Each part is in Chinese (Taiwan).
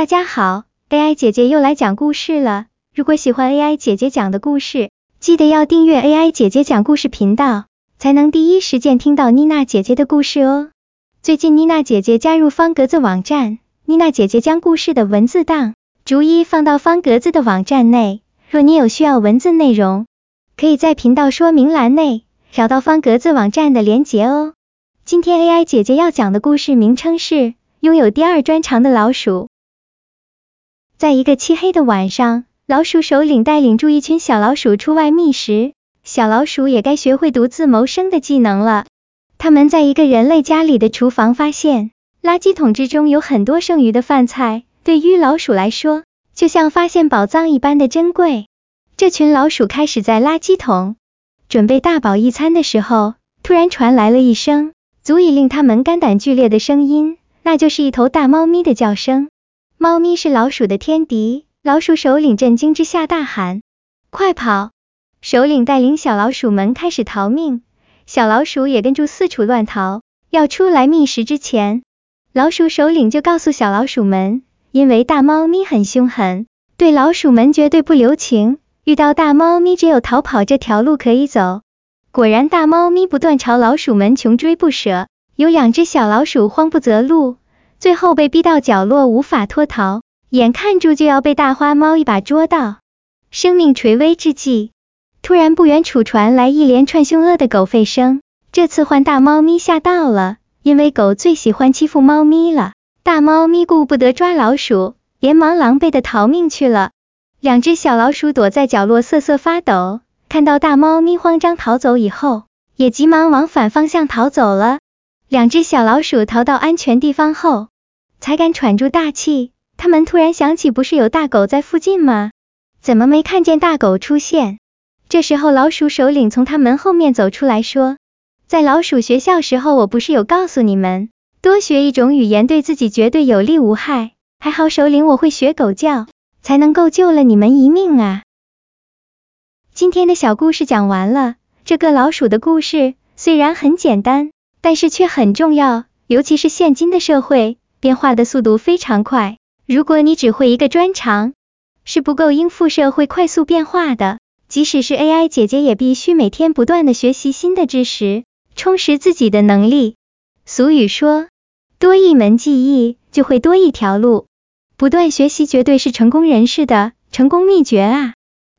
大家好，AI 姐姐又來講故事了。如果喜歡 AI 姐姐講的故事，記得要訂閱 AI 姐姐講故事頻道，才能第一時間聽到妮娜姐姐的故事哦。最近妮娜姐姐加入方格子網站，妮娜姐姐將故事的文字檔逐一放到方格子的網站內。若你有需要文字內容，可以在頻道說明欄內找到方格子網站的連結哦。今天 AI 姐姐要講的故事名稱是擁有第二專長的老鼠。在一個漆黑的晚上，老鼠首領帶領住一群小老鼠出外覓食。小老鼠也該學會獨自謀生的技能了。他們在一個人類家裡的廚房發現，垃圾桶之中有很多剩餘的飯菜，對於老鼠來說，就像發現寶藏一般的珍貴。這群老鼠開始在垃圾桶準備大飽一餐的時候，突然傳來了一聲足以令他們肝膽俱裂的聲音，那就是一頭大貓咪的叫聲。貓咪是老鼠的天敵，老鼠首領震驚之下大喊：“快跑！”首領帶領小老鼠們開始逃命，小老鼠也跟着四處亂逃。要出來覓食之前，老鼠首領就告訴小老鼠們，因為大貓咪很兇狠，對老鼠們絕對不留情，遇到大貓咪只有逃跑這條路可以走。果然，大貓咪不斷朝老鼠們窮追不捨，有兩隻小老鼠慌不擇路。最後被逼到角落，無法脫逃，眼看著就要被大花貓一把捉到，生命垂危之際，突然不遠處傳來一連串凶惡的狗吠聲，這次換大貓咪嚇到了，因為狗最喜歡欺負貓咪了，大貓咪顧不得抓老鼠，連忙狼狽的逃命去了。兩隻小老鼠躲在角落瑟瑟發抖，看到大貓咪慌張逃走以後，也急忙往反方向逃走了。兩隻小老鼠逃到安全地方後。才敢喘住大氣。他們突然想起，不是有大狗在附近嗎？怎麼沒看見大狗出現？這時候，老鼠首領從他們後面走出來說：“在老鼠學校時候，我不是有告訴你們，多學一種語言對自己絕對有利無害。還好首領，我會學狗叫，才能夠救了你們一命啊！”今天的小故事講完了。這個老鼠的故事雖然很簡單，但是卻很重要，尤其是現今的社會。變化的速度非常快，如果你只會一個專長，是不夠應付社會快速變化的。即使是 AI 姐姐也必須每天不斷的學習新的知識，充實自己的能力。俗語說，多一門技藝就會多一條路，不斷學習絕對是成功人士的成功秘訣啊。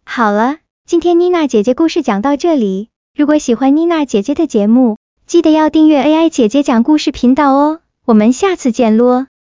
好了，今天妮娜姐姐故事講到這裡，如果喜歡妮娜姐姐的節目，記得要訂閱 AI 姐姐講故事頻道哦。我們下次見咯！